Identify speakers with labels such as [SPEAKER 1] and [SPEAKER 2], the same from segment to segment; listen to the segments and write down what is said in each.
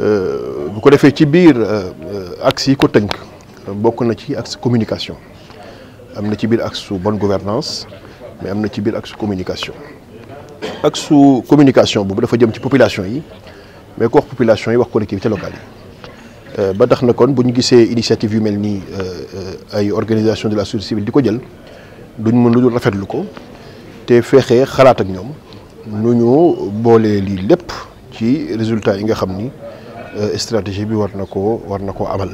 [SPEAKER 1] Euh, bu ko defee ci biir euh, axe yi ko tënk bokk na ci axe communication am na ci biir axe su bonne gouvernance mais am na ci biir axe communication axe communication boobu dafa jëm ci population yi mais ko wax population yi wax collectivité locale yi euh, ba tax na kon bu ñu gisee initiative yu mel ay organisation de la société civile di ko jël duñ mën lu dul rafetlu ko te feexee xalaat ak ñoom nu ñu boolee lii lépp ci résultat yi nga xam ni Euh, stratégie bi war na ko war na koo amal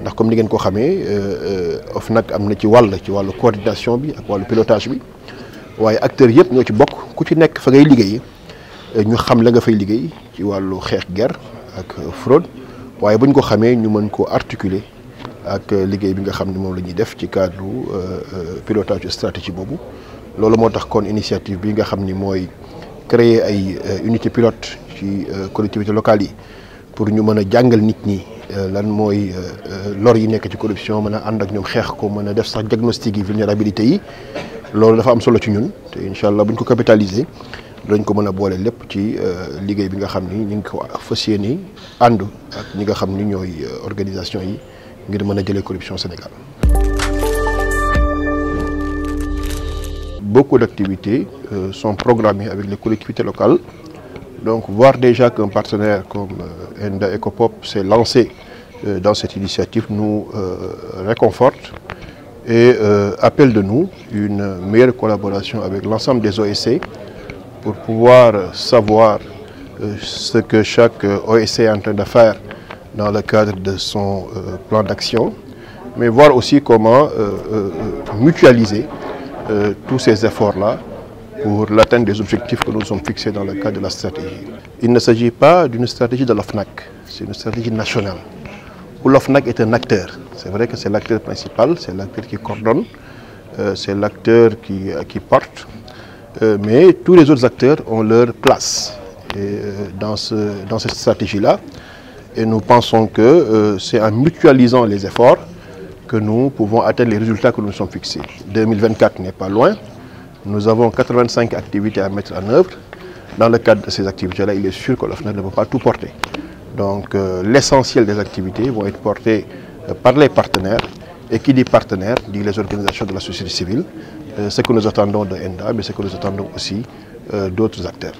[SPEAKER 1] ndax comme ni ngeen ko xamee euh, euh, nag am na ci wàll ci wàllu coordination bi ak wàllu pilotage bi waaye acteurs yëpp ñoo ci bokk ku ci nekk fa ngay liggéey ñu xam la nga fay liggéey ci wàllu xeex guerre ak fraude waaye bu ñu ko xamee ñu mën koo articuler ak liggéey bi nga xam ni moom la ñuy def ci cadre pilotage stratégie boobu loolu moo tax kon initiative bi nga xam ni mooy créer ay unité pilote ci collectivités locales yi pour ñu mën a jàngal nit ñi euh, lan mooy euh, euh, lor yi nekk ci corruption mën and ak ñoom xex ko mën def sax diagnostic yi vulnérabilité yi loolu dafa am solo ci ñun té inshallah buñ ko capitaliser dañ ko mëna bolé lépp ci liggéey bi nga xamni ni ngi ko fas yéene ànd ak ñi nga xamni ñoy organisation yi ngir mëna jëlé corruption Sénégal. Beaucoup d'activités sont programmées avec les collectivités locales donc voir déjà qu'un partenaire comme euh, Enda Ecopop s'est lancé euh, dans cette initiative nous euh, réconforte et appelle de nous une meilleure collaboration avec l'ensemble des OSC pour pouvoir savoir ce que chaque OSC est en train de faire dans le cadre de son plan d'action, mais voir aussi comment mutualiser tous ces efforts-là pour l'atteinte des objectifs que nous sommes fixés dans le cadre de la stratégie. Il ne s'agit pas d'une stratégie de l'OFNAC, c'est une stratégie nationale. Où l'OFNAC est un acteur. C'est vrai que c'est l'acteur principal, c'est l'acteur qui coordonne, euh, c'est l'acteur qui, euh, qui, porte, euh, mais tous les autres acteurs ont leur place dans, ce, dans cette stratégie-là. Et nous pensons que c'est en mutualisant les efforts que nous pouvons atteindre les résultats que nous nous sommes fixés. 2024 n'est pas loin. Nous avons 85 activités à mettre en œuvre. Dans le cadre de ces activités-là, il est sûr que l'OFNAC ne va pas tout porter. Donc euh, l'essentiel des activités vont être portées euh, par les partenaires. Et qui dit partenaires, dit les organisations de la société civile. Euh, ce que nous attendons de ENDA, mais ce que nous attendons aussi d'autres acteurs.